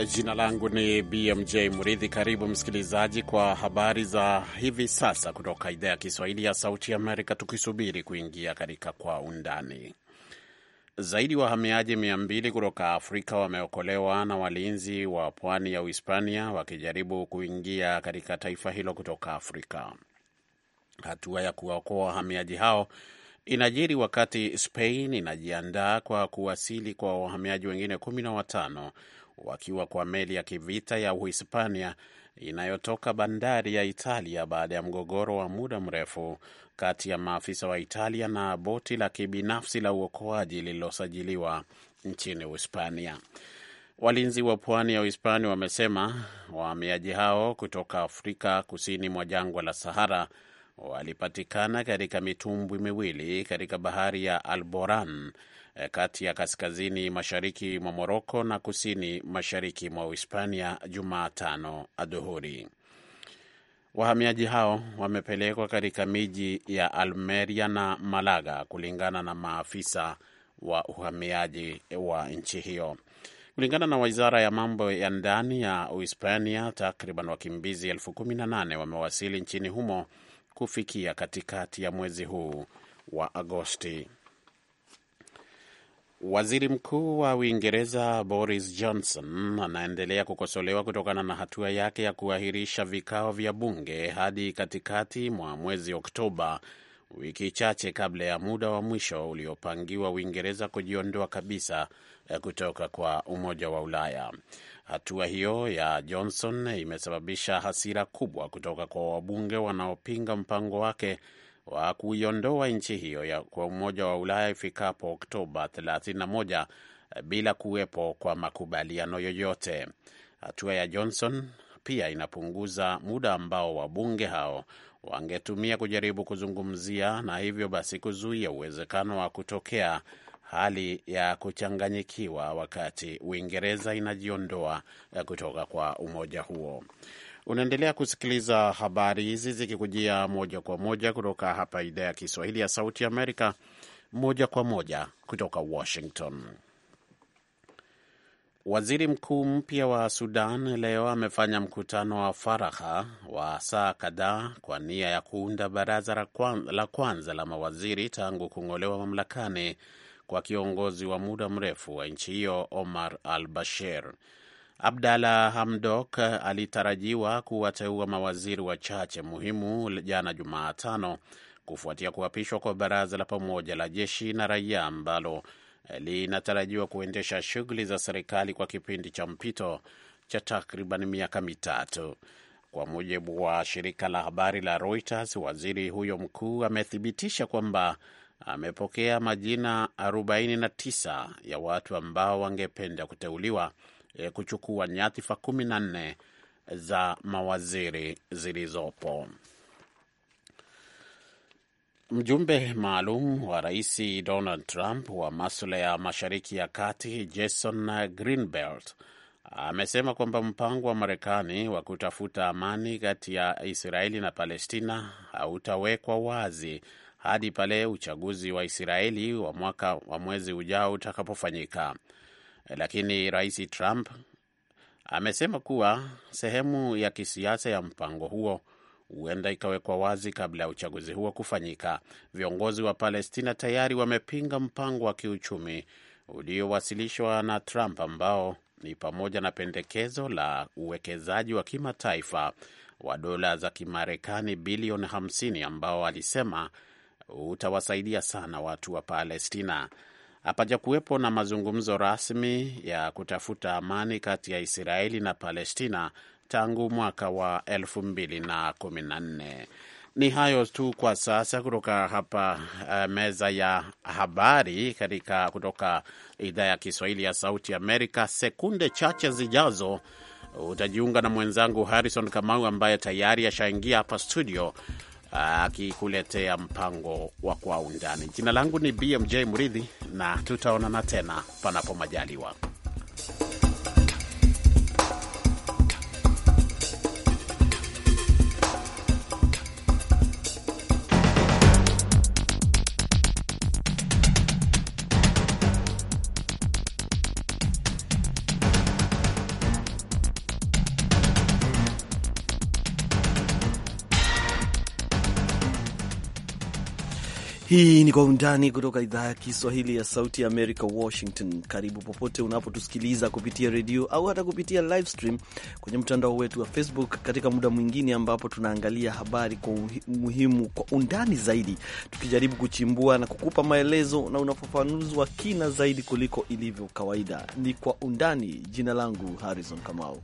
Eh, jina langu ni BMJ mridhi Karibu msikilizaji kwa habari za hivi sasa kutoka idhaa ya Kiswahili ya Sauti Amerika, tukisubiri kuingia katika kwa undani zaidi. Wahamiaji mia mbili kutoka Afrika wameokolewa na walinzi wa pwani ya Uhispania wakijaribu kuingia katika taifa hilo kutoka Afrika. Hatua ya kuwaokoa wahamiaji hao inajiri wakati Spain inajiandaa kwa kuwasili kwa wahamiaji wengine kumi na watano wakiwa kwa meli ya kivita ya Uhispania inayotoka bandari ya Italia baada ya mgogoro wa muda mrefu kati ya maafisa wa Italia na boti la kibinafsi la uokoaji lililosajiliwa nchini Uhispania. Walinzi wa pwani ya Uhispania wamesema wahamiaji hao kutoka Afrika kusini mwa jangwa la Sahara walipatikana katika mitumbwi miwili katika bahari ya Alboran eh, kati ya kaskazini mashariki mwa Moroko na kusini mashariki mwa Uhispania Jumatano adhuhuri. Wahamiaji hao wamepelekwa katika miji ya Almeria na Malaga kulingana na maafisa wa uhamiaji wa nchi hiyo. Kulingana na wizara ya mambo ya ndani ya Uhispania, takriban wakimbizi elfu kumi na nane wamewasili nchini humo kufikia katikati ya mwezi huu wa Agosti. Waziri Mkuu wa Uingereza Boris Johnson anaendelea kukosolewa kutokana na hatua yake ya kuahirisha vikao vya bunge hadi katikati mwa mwezi Oktoba, wiki chache kabla ya muda wa mwisho uliopangiwa Uingereza kujiondoa kabisa eh, kutoka kwa Umoja wa Ulaya. Hatua hiyo ya Johnson imesababisha hasira kubwa kutoka kwa wabunge wanaopinga mpango wake wa kuiondoa nchi hiyo ya kwa Umoja wa Ulaya ifikapo Oktoba 31 eh, bila kuwepo kwa makubaliano yoyote. Hatua ya Johnson pia inapunguza muda ambao wabunge hao wangetumia kujaribu kuzungumzia na hivyo basi kuzuia uwezekano wa kutokea hali ya kuchanganyikiwa wakati Uingereza inajiondoa eh, kutoka kwa umoja huo. Unaendelea kusikiliza habari hizi zikikujia moja kwa moja kutoka hapa idhaa ya Kiswahili ya Sauti Amerika, moja kwa moja kutoka Washington. Waziri mkuu mpya wa Sudan leo amefanya mkutano wa faraha wa saa kadhaa kwa nia ya kuunda baraza la kwanza la mawaziri tangu kung'olewa mamlakani kwa kiongozi wa muda mrefu wa nchi hiyo Omar al Bashir. Abdalla Hamdok alitarajiwa kuwateua mawaziri wachache muhimu jana Jumatano kufuatia kuapishwa kwa baraza la pamoja la jeshi na raia ambalo eh, linatarajiwa kuendesha shughuli za serikali kwa kipindi cha mpito cha takriban miaka mitatu. Kwa mujibu wa shirika la habari la Reuters, waziri huyo mkuu amethibitisha kwamba amepokea majina 49 ya watu ambao wangependa kuteuliwa eh, kuchukua nyadhifa 14 za mawaziri zilizopo. Mjumbe maalum wa rais Donald Trump wa maswala ya mashariki ya kati Jason Greenblatt amesema kwamba mpango wa Marekani wa kutafuta amani kati ya Israeli na Palestina hautawekwa wazi hadi pale uchaguzi wa Israeli wa mwaka wa mwezi ujao utakapofanyika. Lakini Rais Trump amesema kuwa sehemu ya kisiasa ya mpango huo huenda ikawekwa wazi kabla ya uchaguzi huo kufanyika. Viongozi wa Palestina tayari wamepinga mpango wa kiuchumi uliowasilishwa na Trump ambao ni pamoja na pendekezo la uwekezaji wa kimataifa wa dola za Kimarekani bilioni 50 ambao alisema utawasaidia sana watu wa Palestina. Hapaja kuwepo na mazungumzo rasmi ya kutafuta amani kati ya Israeli na Palestina tangu mwaka wa 2014. Ni hayo tu kwa sasa kutoka hapa eh, meza ya habari katika kutoka idhaa ya Kiswahili ya Sauti Amerika. Sekunde chache zijazo utajiunga na mwenzangu Harrison Kamau ambaye tayari ashaingia hapa studio akikuletea mpango wa Kwa Undani. Jina langu ni BMJ mridhi na tutaonana tena panapo majaliwa. Hii ni Kwa Undani kutoka idhaa ya Kiswahili ya Sauti ya Amerika, Washington. Karibu popote unapotusikiliza kupitia redio au hata kupitia live stream kwenye mtandao wetu wa Facebook, katika muda mwingine ambapo tunaangalia habari kwa umuhimu kwa undani zaidi, tukijaribu kuchimbua na kukupa maelezo na unafafanuzi wa kina zaidi kuliko ilivyo kawaida. Ni Kwa Undani. Jina langu Harrison Kamau.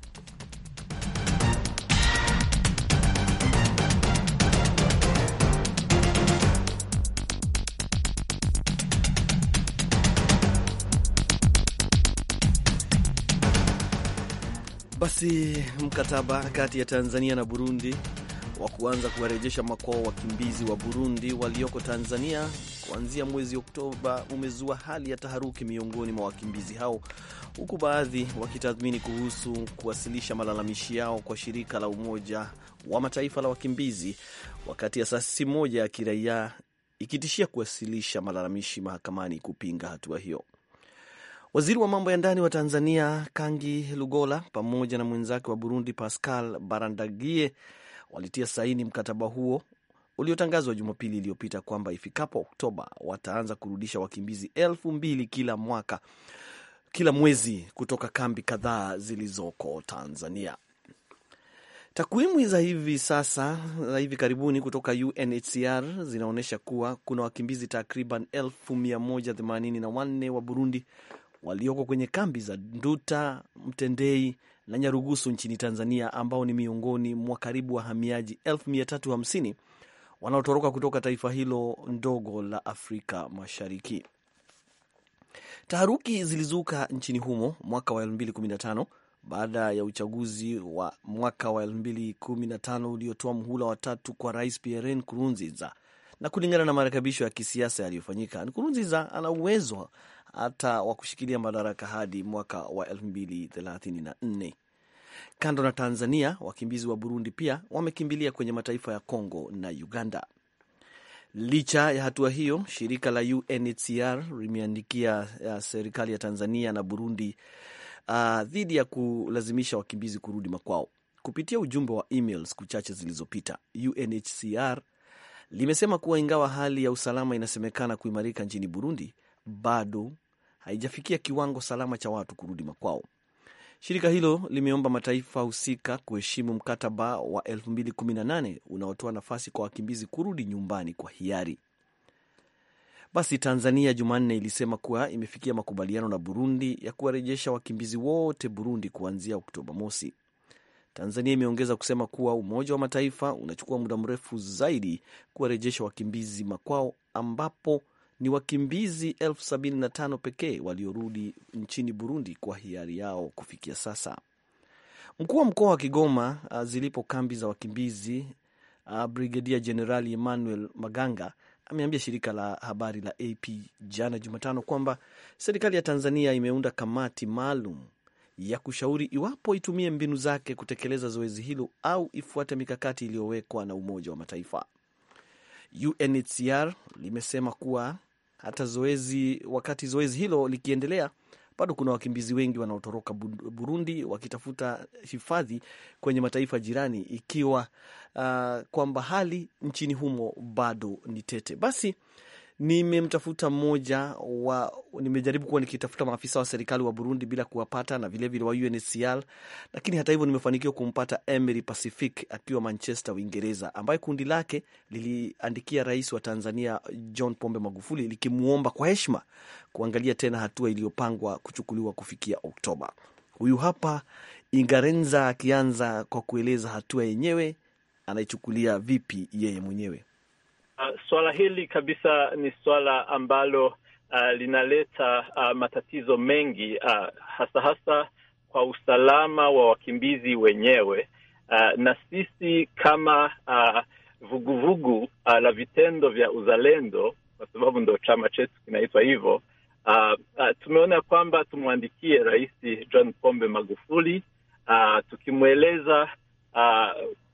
Basi mkataba kati ya Tanzania na Burundi wa kuanza kuwarejesha makwao wakimbizi wa Burundi walioko Tanzania kuanzia mwezi Oktoba umezua hali ya taharuki miongoni mwa wakimbizi hao, huku baadhi wakitathmini kuhusu kuwasilisha malalamishi yao kwa shirika la Umoja wa Mataifa la wakimbizi, wakati asasi moja ya kiraia ikitishia kuwasilisha malalamishi mahakamani kupinga hatua hiyo. Waziri wa mambo ya ndani wa Tanzania Kangi Lugola pamoja na mwenzake wa Burundi Pascal Barandagie walitia saini mkataba huo uliotangazwa Jumapili iliyopita kwamba ifikapo Oktoba wataanza kurudisha wakimbizi elfu mbili kila mwaka kila mwezi kutoka kambi kadhaa zilizoko Tanzania. Takwimu za hivi sasa za hivi karibuni kutoka UNHCR zinaonyesha kuwa kuna wakimbizi takriban elfu mia wa Burundi walioko kwenye kambi za Nduta, Mtendei na Nyarugusu nchini Tanzania, ambao ni miongoni mwa karibu wahamiaji 350 wanaotoroka kutoka taifa hilo ndogo la Afrika Mashariki. Taharuki zilizuka nchini humo mwaka wa 2015 baada ya uchaguzi wa mwaka wa 2015 uliotoa mhula watatu kwa Rais Pierre Nkurunziza, na kulingana na marekebisho ya kisiasa yaliyofanyika, Nkurunziza ana uwezo hata wa kushikilia madaraka hadi mwaka wa 2034. Kando na Tanzania, wakimbizi wa Burundi pia wamekimbilia kwenye mataifa ya congo na Uganda. Licha ya hatua hiyo, shirika la UNHCR limeandikia uh, serikali ya Tanzania na Burundi uh, dhidi ya kulazimisha wakimbizi kurudi makwao. Kupitia ujumbe wa email siku chache zilizopita, UNHCR limesema kuwa ingawa hali ya usalama inasemekana kuimarika nchini Burundi, bado haijafikia kiwango salama cha watu kurudi makwao. Shirika hilo limeomba mataifa husika kuheshimu mkataba wa 2018 unaotoa nafasi kwa wakimbizi kurudi nyumbani kwa hiari. Basi Tanzania Jumanne ilisema kuwa imefikia makubaliano na Burundi ya kuwarejesha wakimbizi wote Burundi kuanzia Oktoba mosi. Tanzania imeongeza kusema kuwa Umoja wa Mataifa unachukua muda mrefu zaidi kuwarejesha wakimbizi makwao, ambapo ni wakimbizi elfu sabini na tano pekee waliorudi nchini Burundi kwa hiari yao kufikia sasa. Mkuu wa mkoa wa Kigoma ah, zilipo kambi za wakimbizi, ah, Brigedia Jenerali Emmanuel Maganga ameambia shirika la habari la AP jana Jumatano kwamba serikali ya Tanzania imeunda kamati maalum ya kushauri iwapo itumie mbinu zake kutekeleza zoezi hilo au ifuate mikakati iliyowekwa na Umoja wa Mataifa. UNHCR limesema kuwa hata zoezi, wakati zoezi hilo likiendelea, bado kuna wakimbizi wengi wanaotoroka Burundi wakitafuta hifadhi kwenye mataifa jirani, ikiwa uh, kwamba hali nchini humo bado ni tete. Basi Nimemtafuta mmoja wa, nimejaribu kuwa nikitafuta maafisa wa serikali wa Burundi bila kuwapata, na vilevile wa UNHCR, lakini hata hivyo nimefanikiwa kumpata Emery Pacific akiwa Manchester, Uingereza, ambaye kundi lake liliandikia rais wa Tanzania John Pombe Magufuli likimwomba kwa heshima kuangalia tena hatua iliyopangwa kuchukuliwa kufikia Oktoba. Huyu hapa Ingarenza akianza kwa kueleza hatua yenyewe anaichukulia vipi yeye mwenyewe. Uh, swala hili kabisa ni swala ambalo uh, linaleta uh, matatizo mengi uh, hasa hasa kwa usalama wa wakimbizi wenyewe uh, na sisi kama uh, vuguvugu uh, uh, la vitendo vya uzalendo, kwa sababu ndo chama chetu kinaitwa hivyo uh, uh, tumeona kwamba tumwandikie Rais John Pombe Magufuli uh, tukimweleza uh,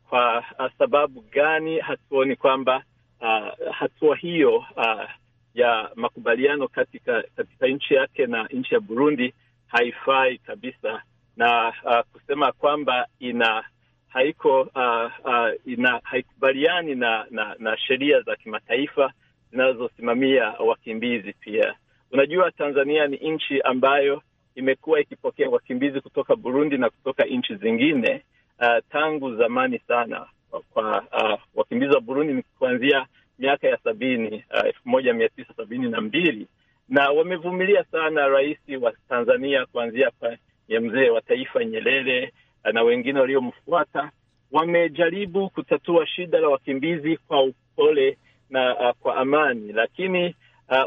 kwa uh, sababu gani hatuoni kwamba uh, hatua hiyo uh, ya makubaliano katika, katika nchi yake na nchi ya Burundi haifai kabisa, na uh, kusema kwamba ina haiko uh, uh, ina haikubaliani na, na, na sheria za kimataifa zinazosimamia wakimbizi. Pia unajua, Tanzania ni nchi ambayo imekuwa ikipokea wakimbizi kutoka Burundi na kutoka nchi zingine uh, tangu zamani sana kwa uh, wakimbizi wa Burundi ni kuanzia miaka ya sabini uh, elfu uh, moja mia tisa sabini na mbili na wamevumilia sana rais wa Tanzania kuanzia kwenye mzee wa taifa Nyerere uh, na wengine waliomfuata wamejaribu kutatua shida la wakimbizi kwa upole na uh, kwa amani, lakini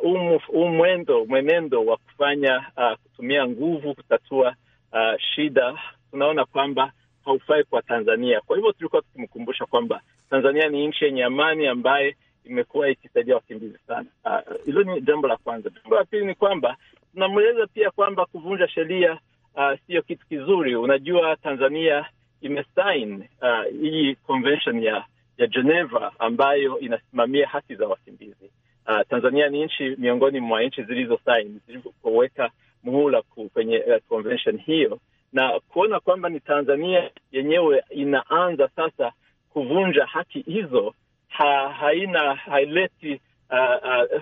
huu uh, mwendo mwenendo wa kufanya uh, kutumia nguvu kutatua uh, shida, tunaona kwamba haufai kwa Tanzania. Kwa hivyo tulikuwa tukimkumbusha kwamba Tanzania ni nchi yenye amani ambaye imekuwa ikisaidia wakimbizi sana. Ah, hilo uh, ni jambo la kwanza. Jambo la pili ni kwamba tunamweleza pia kwamba kuvunja sheria uh, ah, siyo kitu kizuri. Unajua, Tanzania imesain uh, ah, hii convention ya ya Geneva ambayo inasimamia haki za wakimbizi. Uh, Tanzania ni nchi miongoni mwa nchi zilizosain zilivyoweka muhula kwenye uh, convention hiyo na kuona kwamba ni Tanzania yenyewe inaanza sasa kuvunja haki hizo ha, haina haileti uh, uh,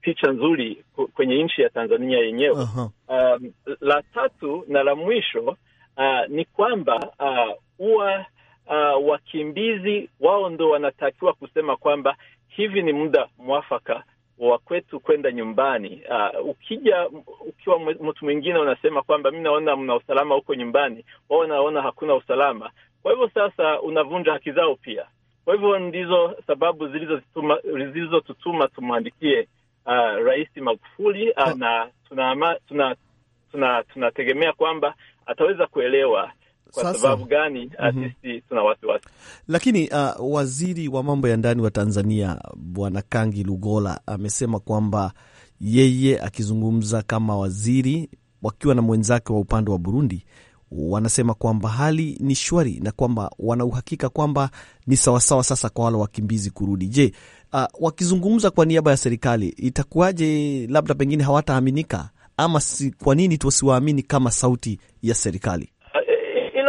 picha nzuri kwenye nchi ya Tanzania yenyewe. Uh-huh. Um, la tatu na la mwisho uh, ni kwamba uh, huwa uh, uh, wakimbizi wao ndo wanatakiwa kusema kwamba hivi ni muda mwafaka wa kwetu kwenda nyumbani. Uh, ukija ukiwa mtu mwingine unasema kwamba mi naona mna usalama huko nyumbani, wao naona hakuna usalama, kwa hivyo sasa unavunja haki zao pia. Kwa hivyo ndizo sababu zilizotutuma tumwandikie uh, Rais Magufuli uh, na tunategemea tuna, tuna, tuna kwamba ataweza kuelewa kwa sasa, sababu gani mm-hmm. tuna wasiwasi, lakini uh, waziri wa mambo ya ndani wa Tanzania Bwana Kangi Lugola amesema kwamba yeye akizungumza kama waziri wakiwa na mwenzake wa upande wa Burundi wanasema kwamba hali ni shwari na kwamba wana uhakika kwamba ni sawasawa sasa kwa wale wakimbizi kurudi. Je, uh, wakizungumza kwa niaba ya serikali itakuwaje? Labda pengine hawataaminika ama si, kwa nini tusiwaamini kama sauti ya serikali?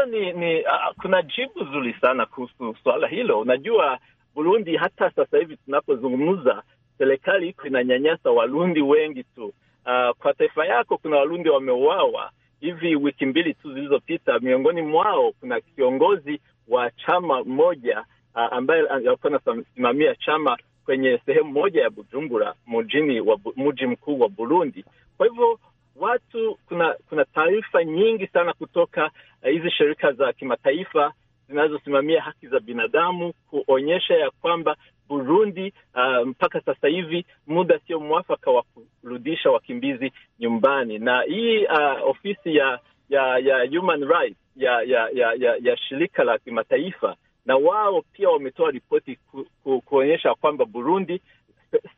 hilo ni, ni uh, kuna jibu zuri sana kuhusu swala hilo. Unajua Burundi hata sasa hivi tunapozungumza, serikali iko inanyanyasa Warundi wengi tu. Uh, kwa taifa yako kuna Warundi wameuawa hivi wiki mbili tu zilizopita, miongoni mwao kuna kiongozi wa chama moja uh, ambaye alikuwa anasimamia chama kwenye sehemu moja ya Bujumbura, mjini wa mji mkuu wa Burundi. Kwa hivyo watu, kuna kuna taarifa nyingi sana kutoka eh, hizi uh, shirika za kimataifa zinazosimamia haki za binadamu kuonyesha ya kwamba Burundi uh, mpaka sasa hivi muda sio mwafaka wa kurudisha wakimbizi nyumbani, na hii uh, ofisi ya ya ya human rights, ya ya ya ya ya shirika la kimataifa na wao pia wametoa ripoti ku, ku, kuonyesha kwamba Burundi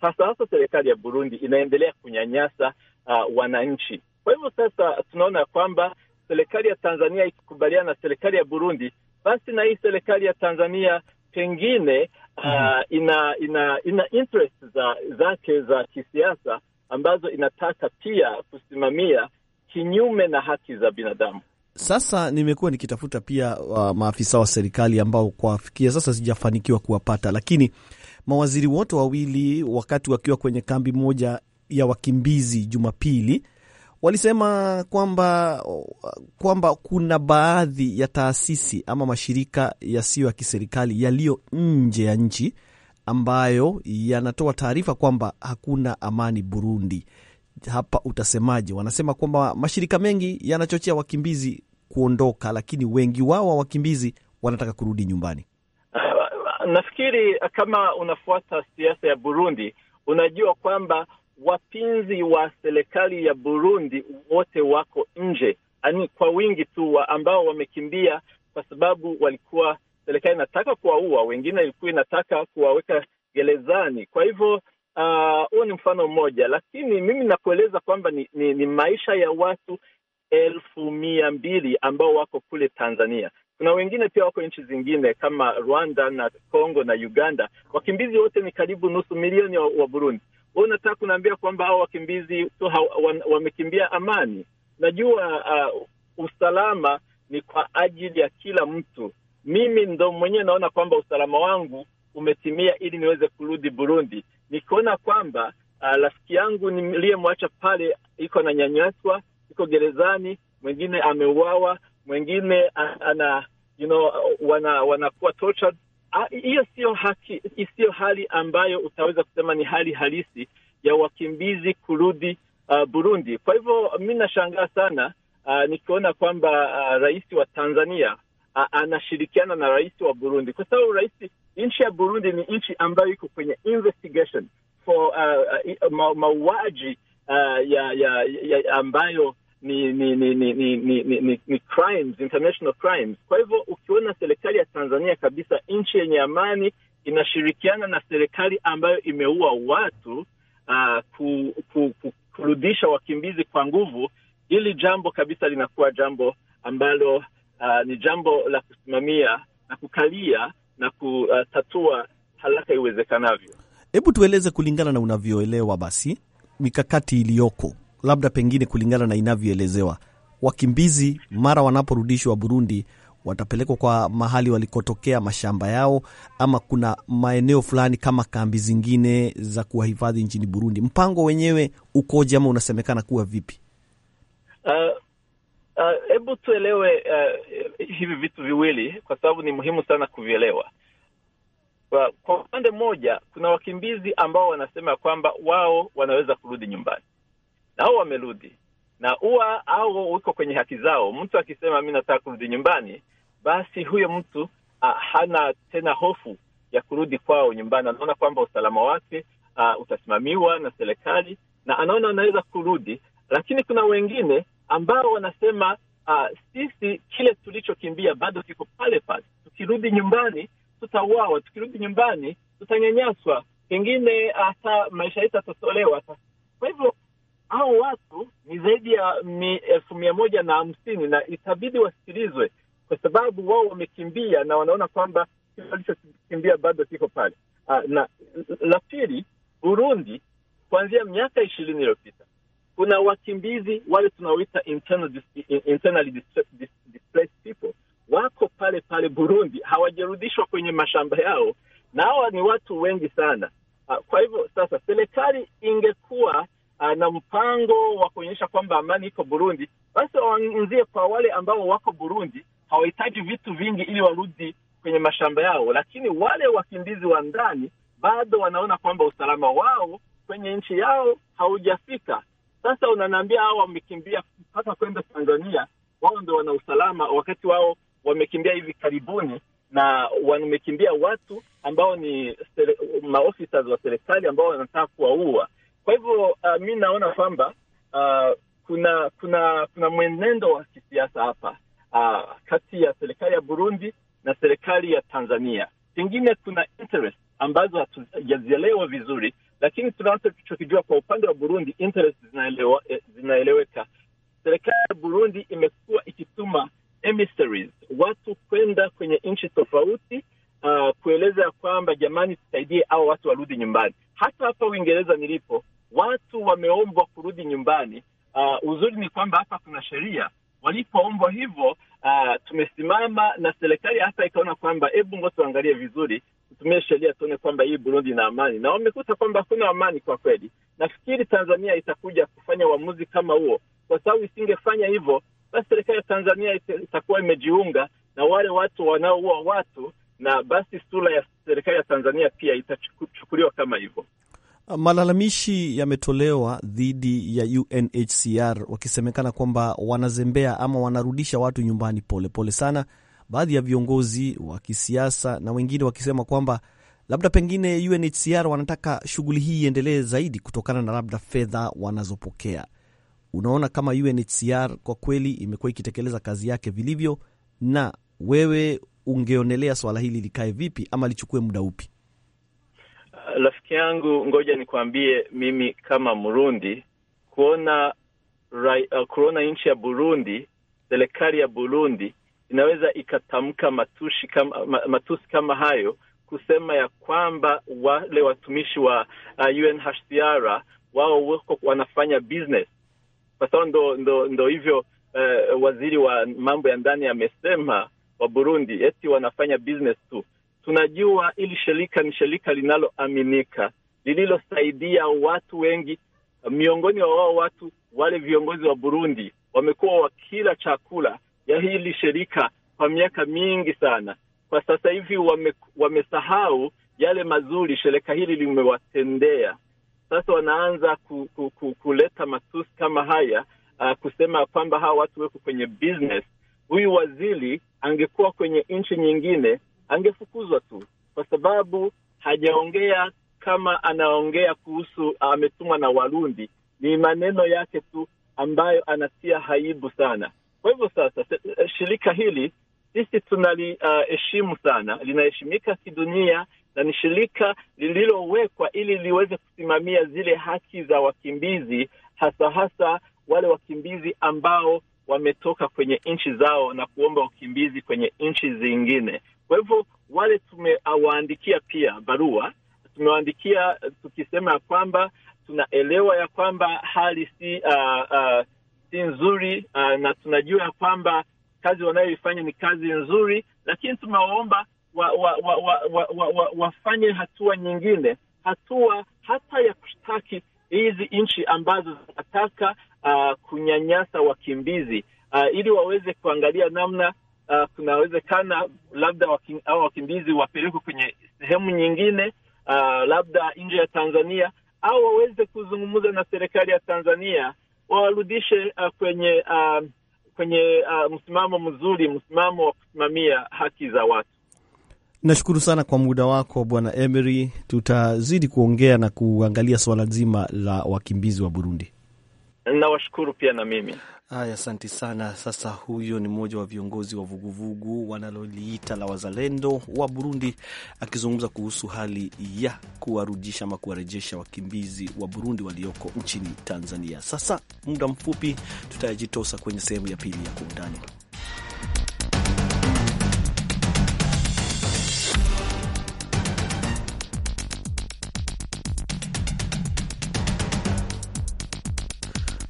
sasa, hasa serikali ya Burundi inaendelea kunyanyasa uh, wananchi. Kwa hivyo sasa tunaona kwamba serikali ya Tanzania ikikubaliana na serikali ya Burundi, basi na hii serikali ya Tanzania pengine uh, mhm. ina ina ina interest za zake za kisiasa ambazo inataka pia kusimamia kinyume na haki za binadamu. Sasa nimekuwa nikitafuta pia uh, maafisa wa serikali ambao kuwafikia sasa sijafanikiwa kuwapata, lakini mawaziri wote wawili wakati wakiwa kwenye kambi moja ya wakimbizi Jumapili walisema kwamba kwamba kuna baadhi ya taasisi ama mashirika yasiyo ya kiserikali yaliyo nje ya nchi ambayo yanatoa taarifa kwamba hakuna amani Burundi. Hapa utasemaje? Wanasema kwamba mashirika mengi yanachochea wakimbizi kuondoka, lakini wengi wao wa wakimbizi wanataka kurudi nyumbani. Nafikiri kama unafuata siasa ya Burundi unajua kwamba wapinzi wa serikali ya Burundi wote wako nje, yaani kwa wingi tu wa ambao wamekimbia kwa sababu walikuwa serikali inataka kuwaua, wengine ilikuwa inataka kuwaweka gerezani. Kwa hivyo ah, huo uh, ni mfano mmoja, lakini mimi nakueleza kwamba ni, ni, ni maisha ya watu elfu mia mbili ambao wako kule Tanzania. Kuna wengine pia wako nchi zingine kama Rwanda na Congo na Uganda. Wakimbizi wote ni karibu nusu milioni wa, wa Burundi wewe unataka kunaambia kwamba hao wakimbizi tu wamekimbia amani? Najua uh, usalama ni kwa ajili ya kila mtu. Mimi ndo mwenyewe naona kwamba usalama wangu umetimia ili niweze kurudi Burundi, nikiona kwamba uh, rafiki uh, yangu niliyemwacha pale iko ananyanyaswa, iko gerezani, mwingine ameuawa, mwengine ana you know, wana wanakuwa tortured Ah, hiyo siyo haki, siyo hali ambayo utaweza kusema ni hali halisi ya wakimbizi kurudi uh, Burundi. Kwa hivyo mi nashangaa sana uh, nikiona kwamba uh, rais wa Tanzania uh, anashirikiana na rais wa Burundi kwa sababu rais, nchi ya Burundi ni nchi ambayo iko kwenye investigation for uh, uh, mauaji uh, ya, ya, ya ambayo ni ni ni ni ni ni, ni, ni, ni crimes, international crimes. Kwa hivyo ukiona serikali ya Tanzania kabisa, nchi yenye amani inashirikiana na serikali ambayo imeua watu uh, ku, ku, ku, kurudisha wakimbizi kwa nguvu, hili jambo kabisa linakuwa jambo ambalo uh, ni jambo la kusimamia na kukalia na kutatua haraka iwezekanavyo. Hebu tueleze kulingana na unavyoelewa basi mikakati iliyoko labda pengine kulingana na inavyoelezewa, wakimbizi mara wanaporudishwa Burundi watapelekwa kwa mahali walikotokea mashamba yao, ama kuna maeneo fulani kama kambi zingine za kuwahifadhi nchini Burundi. Mpango wenyewe ukoje ama unasemekana kuwa vipi? Hebu uh, uh, tuelewe uh, hivi vitu viwili, kwa sababu ni muhimu sana kuvielewa. Kwa upande mmoja, kuna wakimbizi ambao wanasema kwamba wao wanaweza kurudi nyumbani nao wamerudi na huwa au uko kwenye haki zao. Mtu akisema mi nataka kurudi nyumbani, basi huyo mtu ah, hana tena hofu ya kurudi kwao nyumbani. Anaona kwamba usalama wake ah, utasimamiwa na serikali na anaona anaweza kurudi. Lakini kuna wengine ambao wanasema ah, sisi kile tulichokimbia bado kiko pale pale, tukirudi nyumbani tutauawa, tukirudi nyumbani tutanyanyaswa, pengine hata maisha yetu atatolewa Kwa hivyo hao watu ni zaidi ya mi, elfu mia moja na hamsini na itabidi wasikilizwe, kwa sababu wao wamekimbia na wanaona kwamba kile walichokimbia bado kiko pale. Ah, na la pili, Burundi kuanzia miaka ishirini iliyopita kuna wakimbizi wale tunaoita internally displaced people wako pale pale Burundi, hawajarudishwa kwenye mashamba yao, na hawa ni watu wengi sana. Ah, kwa hivyo sasa serikali ingekuwa Ah, na mpango wa kuonyesha kwamba amani iko Burundi, basi waanzie kwa wale ambao wako Burundi, hawahitaji vitu vingi ili warudi kwenye mashamba yao, lakini wale wakimbizi wa ndani bado wanaona kwamba usalama wao kwenye nchi yao haujafika. Sasa unaniambia hao wamekimbia mpaka kwenda Tanzania, wao ndo wana usalama, wakati wao wamekimbia hivi karibuni na wamekimbia watu ambao ni maofisa wa serikali ambao wanataka kuwaua. Kwa hivyo uh, mi naona kwamba uh, kuna kuna kuna mwenendo wa kisiasa hapa uh, kati ya serikali ya Burundi na serikali ya Tanzania. Pengine kuna interest ambazo hatujazielewa vizuri, lakini tunachokijua kwa upande wa Burundi interest zinaelewa, eh, zinaeleweka. Serikali ya Burundi imekuwa ikituma emissaries, watu kwenda kwenye nchi tofauti uh, kueleza ya kwamba jamani, tusaidie au watu warudi nyumbani. Hata hapa Uingereza nilipo watu wameombwa kurudi nyumbani. Uh, uzuri ni kwamba hapa kuna sheria. Walipoombwa hivyo, uh, tumesimama na serikali hasa ikaona kwamba hebu ngo tuangalie vizuri, tutumie sheria tuone kwamba hii Burundi ina amani, na wamekuta kwamba hakuna amani kwa kweli. Nafikiri Tanzania itakuja kufanya uamuzi kama huo, kwa sababu isingefanya hivyo, basi serikali ya Tanzania itakuwa imejiunga na wale watu wanaoua watu, na basi sura ya serikali ya Tanzania pia itachukuliwa kama hivyo. Malalamishi yametolewa dhidi ya UNHCR wakisemekana kwamba wanazembea ama wanarudisha watu nyumbani polepole pole sana, baadhi ya viongozi wa kisiasa na wengine wakisema kwamba labda pengine UNHCR wanataka shughuli hii iendelee zaidi kutokana na labda fedha wanazopokea. Unaona kama UNHCR kwa kweli imekuwa ikitekeleza kazi yake vilivyo, na wewe ungeonelea swala hili likae vipi ama lichukue muda upi? rafiki yangu, ngoja nikwambie, mimi kama Mrundi, kuona uh, kuona nchi ya Burundi, serikali ya Burundi inaweza ikatamka matusi kama, uh, matusi kama hayo kusema ya kwamba wale watumishi wa uh, UNHCR wao wako wanafanya business kwa sababu ndo, ndo, ndo hivyo uh, waziri wa mambo ya ndani amesema wa Burundi eti wanafanya business tu tunajua hili shirika ni shirika linaloaminika lililosaidia watu wengi. Miongoni wa wao watu wale viongozi wa Burundi wamekuwa wakila chakula ya hili shirika kwa miaka mingi sana. Kwa sasa hivi wame, wamesahau yale mazuri shirika hili limewatendea. Sasa wanaanza ku, ku, ku, kuleta matusi kama haya uh, kusema kwamba hawa watu weko kwenye business. Huyu waziri angekuwa kwenye nchi nyingine angefukuzwa tu, kwa sababu hajaongea kama anaongea kuhusu ametumwa na Warundi. Ni maneno yake tu ambayo anatia haibu sana. Kwa hivyo sasa, eh, shirika hili sisi tunaliheshimu uh, sana, linaheshimika kidunia na ni shirika lililowekwa ili liweze kusimamia zile haki za wakimbizi, hasa hasa wale wakimbizi ambao wametoka kwenye nchi zao na kuomba ukimbizi kwenye nchi zingine. Kwa hivyo wale tumewaandikia pia barua, tumewaandikia tukisema ya kwamba tunaelewa ya kwamba hali si uh, uh, si nzuri uh, na tunajua ya kwamba kazi wanayoifanya ni kazi nzuri, lakini tumewaomba wa, wa, wa, wa, wa, wa, wa, wafanye hatua nyingine, hatua hata ya kushtaki hizi nchi ambazo zinataka uh, kunyanyasa wakimbizi uh, ili waweze kuangalia namna uh, ah, kunawezekana labda wakim, au wakimbizi wapelekwe kwenye sehemu nyingine uh, labda nje ya Tanzania au waweze kuzungumza na serikali ya Tanzania wawarudishe uh, ah, kwenye uh, kwenye uh, msimamo mzuri, msimamo wa kusimamia haki za watu. Nashukuru sana kwa muda wako Bwana Emery, tutazidi kuongea na kuangalia suala zima la wakimbizi wa Burundi. Nawashukuru pia na mimi haya, asanti sana. Sasa huyo ni mmoja wa viongozi wa vuguvugu wanaloliita la wazalendo wa Burundi akizungumza kuhusu hali ya kuwarudisha ama kuwarejesha wakimbizi wa Burundi walioko nchini Tanzania. Sasa muda mfupi tutayajitosa kwenye sehemu ya pili ya Kwa Undani.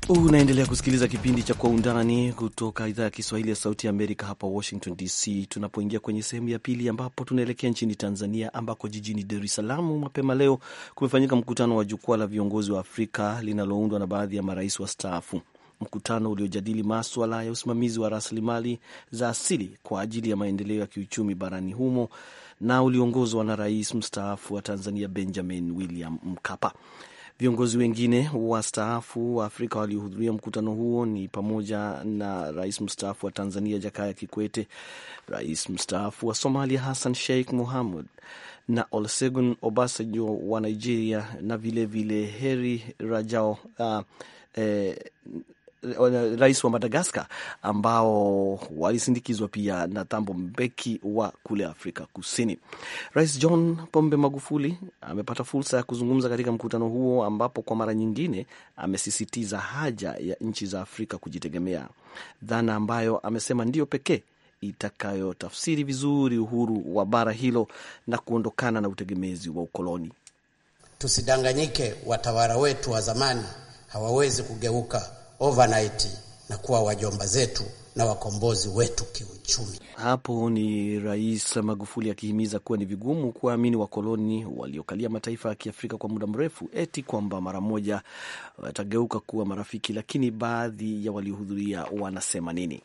Unaendelea kusikiliza kipindi cha Kwa Undani kutoka idhaa ya Kiswahili ya Sauti ya Amerika hapa Washington DC, tunapoingia kwenye sehemu ya pili, ambapo tunaelekea nchini Tanzania, ambako jijini Dar es Salaam mapema leo kumefanyika mkutano wa Jukwaa la Viongozi wa Afrika linaloundwa na baadhi ya marais wa staafu mkutano uliojadili maswala ya usimamizi wa rasilimali za asili kwa ajili ya maendeleo ya kiuchumi barani humo na uliongozwa na rais mstaafu wa Tanzania Benjamin William Mkapa. Viongozi wengine wastaafu wa Afrika waliohudhuria mkutano huo ni pamoja na rais mstaafu wa Tanzania Jakaya Kikwete, rais mstaafu wa Somalia Hassan Sheikh muhamud na Olusegun Obasanjo wa Nigeria na vilevile vile Heri Rajao uh, eh, rais wa Madagaskar ambao walisindikizwa pia na tambo Mbeki wa kule Afrika Kusini. Rais John Pombe Magufuli amepata fursa ya kuzungumza katika mkutano huo, ambapo kwa mara nyingine amesisitiza haja ya nchi za Afrika kujitegemea, dhana ambayo amesema ndiyo pekee itakayotafsiri vizuri uhuru wa bara hilo na kuondokana na utegemezi wa ukoloni. Tusidanganyike, watawala wetu wa zamani hawawezi kugeuka overnight na kuwa wajomba zetu na wakombozi wetu kiuchumi. Hapo ni Rais Magufuli akihimiza kuwa ni vigumu kuwaamini wakoloni waliokalia mataifa ya Kiafrika kwa muda mrefu eti kwamba mara moja watageuka kuwa marafiki, lakini baadhi ya waliohudhuria wanasema nini?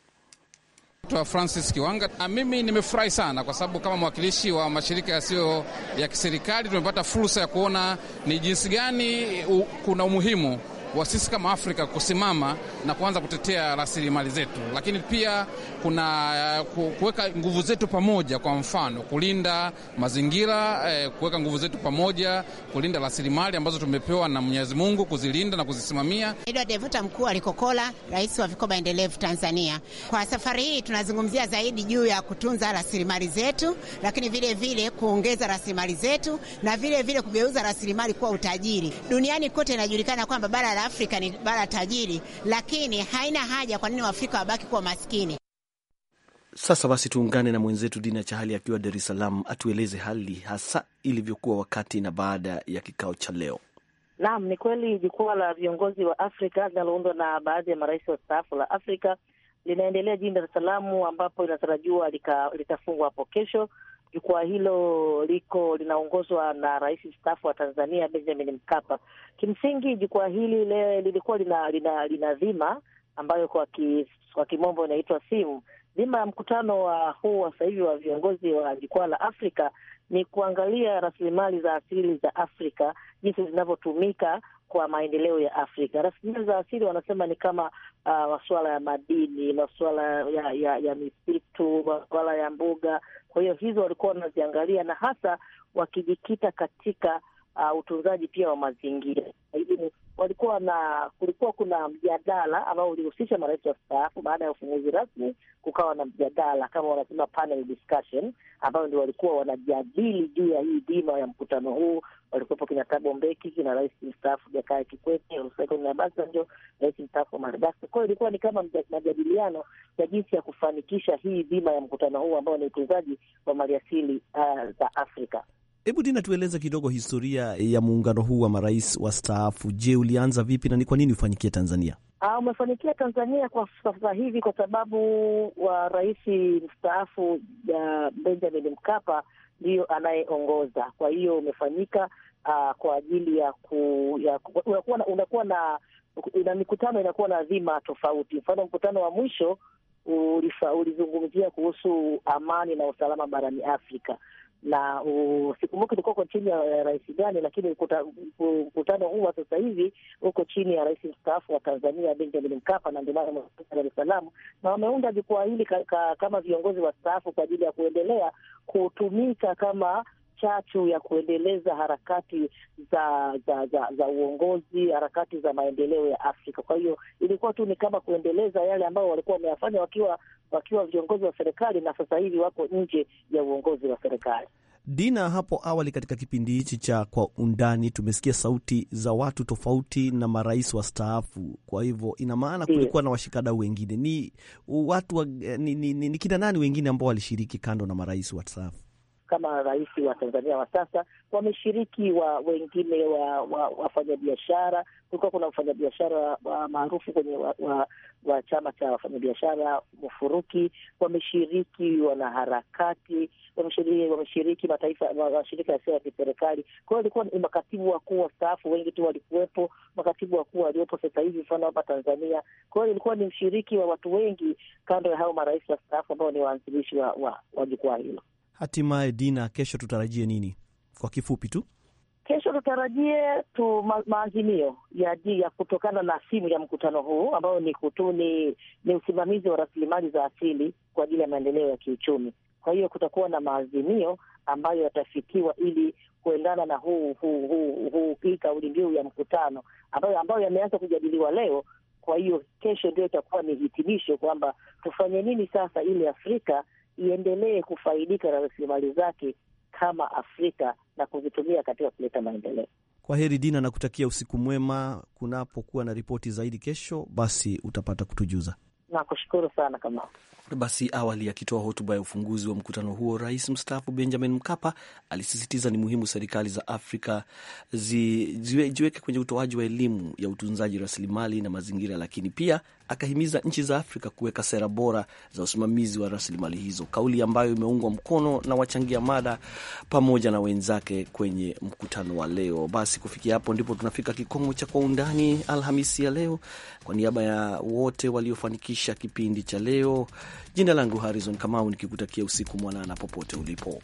Francis Kiwanga. Na mimi nimefurahi sana kwa sababu kama mwakilishi wa mashirika yasiyo ya kiserikali tumepata fursa ya kuona ni jinsi gani kuna umuhimu wa sisi kama Afrika kusimama na kuanza kutetea rasilimali zetu, lakini pia kuna eh, kuweka nguvu zetu pamoja, kwa mfano kulinda mazingira, eh, kuweka nguvu zetu pamoja kulinda rasilimali ambazo tumepewa na Mwenyezi Mungu, kuzilinda na kuzisimamia. Edward Evuta, mkuu alikokola, rais wa vikoba endelevu Tanzania. Kwa safari hii tunazungumzia zaidi juu ya kutunza rasilimali zetu, lakini vile vile kuongeza rasilimali zetu na vile vile kugeuza rasilimali kuwa utajiri. Duniani kote inajulikana kwamba bara la Afrika ni bara tajiri, lakini haina haja. Kwa nini Waafrika wabaki kuwa maskini? Sasa basi tuungane na mwenzetu Dina Chahali akiwa Dar es Salaam atueleze hali hasa ilivyokuwa wakati na baada ya kikao cha leo. Naam, ni kweli jukwaa la viongozi wa Afrika linaloundwa na baadhi ya marais wastaafu la Afrika linaendelea jijini Dar es Salaam ambapo inatarajiwa litafungwa hapo kesho Jukwaa hilo liko linaongozwa na rais mstaafu wa Tanzania Benjamin Mkapa. Kimsingi jukwaa hili le lilikuwa lina, lina, lina dhima ambayo kwa, ki, kwa kimombo inaitwa simu dhima ya mkutano wa huu wa sasa hivi wa viongozi wa jukwaa la Afrika ni kuangalia rasilimali za asili za Afrika jinsi zinavyotumika kwa maendeleo ya Afrika. Rasilimali za asili wanasema ni kama uh, masuala ya madini, masuala ya, ya, ya misitu, masuala ya mbuga, kwa hiyo hizo walikuwa wanaziangalia na hasa wakijikita katika uh, utunzaji pia wa mazingira. Hivi walikuwa na kulikuwa kuna mjadala ambao ulihusisha marais wa staafu Baada ya ufunguzi rasmi, kukawa na mjadala kama wanasema panel discussion, ambayo ndio walikuwa wanajadili juu ya hii dhima ya mkutano huu. Walikuwepo kina Thabo Mbeki, kina rais mstaafu Jakaya Kikwete, Olusegun Obasanjo, rais mstaafu wa Madagaska. Kwao ilikuwa ni kama majadiliano ya jinsi ya kufanikisha hii dhima ya mkutano huu ambao ni utunzaji wa maliasili uh, za Afrika. Hebu Dina, tueleze kidogo historia ya muungano huu wa marais wa staafu Je, ulianza vipi na ni kwa nini ufanyikie Tanzania? Uh, ah, umefanikia Tanzania kwa sasa hivi kwa sababu wa rais mstaafu uh, Benjamin Mkapa ndiyo anayeongoza. Kwa hiyo umefanyika uh, kwa ajili ya, ku, ya ku, unakuwa na, unakuwa na na mikutano inakuwa na dhima tofauti. Mfano, mkutano wa mwisho ulizungumzia kuhusu amani na usalama barani Afrika na sikumbuki ulikuwa uko chini ya rais gani, lakini mkutano huu wa sasa hivi uko chini ya rais mstaafu wa Tanzania Benjamin Mkapa, na ndimana maana Dar es Salaam na wameunda jukwaa hili ka, ka, kama viongozi wa staafu kwa ajili ya kuendelea kutumika kama chachu ya kuendeleza harakati za za za, za uongozi, harakati za maendeleo ya Afrika. Kwa hiyo ilikuwa tu ni kama kuendeleza yale ambayo walikuwa wameyafanya wakiwa wakiwa viongozi wa serikali, na sasa hivi wako nje ya uongozi wa serikali. Dina, hapo awali katika kipindi hichi cha Kwa Undani tumesikia sauti za watu tofauti na marais wastaafu. Kwa hivyo ina maana kulikuwa na washikadau wengine, ni watu wa, ni, ni, ni, ni kina nani wengine ambao walishiriki kando na marais wastaafu? kama rais wa Tanzania wa sasa, wameshiriki wa wengine wafanyabiashara wa, wa kulikuwa kuna mfanyabiashara maarufu kwenye wa, wa, wa chama cha wafanyabiashara Mufuruki, wameshiriki wanaharakati, wameshiriki, wameshiriki mataifa mashirika yasiyo ya kiserikali. Kwa hiyo alikuwa ni makatibu wakuu wastaafu wengi tu walikuwepo, makatibu wakuu waliopo sasa hivi, mfano hapa Tanzania. Kwa hiyo ilikuwa ni mshiriki wa watu wengi, kando ya hao marais wastaafu ambao ni waanzilishi wa, wa, wa jukwaa hilo. Hatimaye Dina, kesho tutarajie nini kwa kifupi tu? Kesho tutarajie tu ma maazimio ya ya kutokana na simu ya mkutano huu ambayo ni kutu ni, ni usimamizi wa rasilimali za asili kwa ajili ya maendeleo ya kiuchumi. Kwa hiyo kutakuwa na maazimio ambayo yatafikiwa ili kuendana na huu huu huu huu hii kauli mbiu ya mkutano ambayo ambayo yameanza kujadiliwa leo. Kwa hiyo kesho ndio itakuwa ni hitimisho kwamba tufanye nini sasa ili Afrika iendelee kufaidika na rasilimali zake kama Afrika na kuzitumia katika kuleta maendeleo. Kwa heri Dina, na kutakia usiku mwema. Kunapokuwa na ripoti zaidi kesho, basi utapata kutujuza. Nakushukuru sana kama Basi awali, akitoa hotuba ya ufunguzi wa mkutano huo, rais mstaafu Benjamin Mkapa alisisitiza ni muhimu serikali za Afrika ziziweke kwenye utoaji wa elimu ya utunzaji rasilimali na mazingira, lakini pia akahimiza nchi za Afrika kuweka sera bora za usimamizi wa rasilimali hizo, kauli ambayo imeungwa mkono na wachangia mada pamoja na wenzake kwenye mkutano wa leo. Basi kufikia hapo ndipo tunafika kikomo cha Kwa Undani Alhamisi ya leo. Kwa niaba ya wote waliofanikisha kipindi cha leo, jina langu Harrison Kamau nikikutakia usiku mwanana popote ulipo.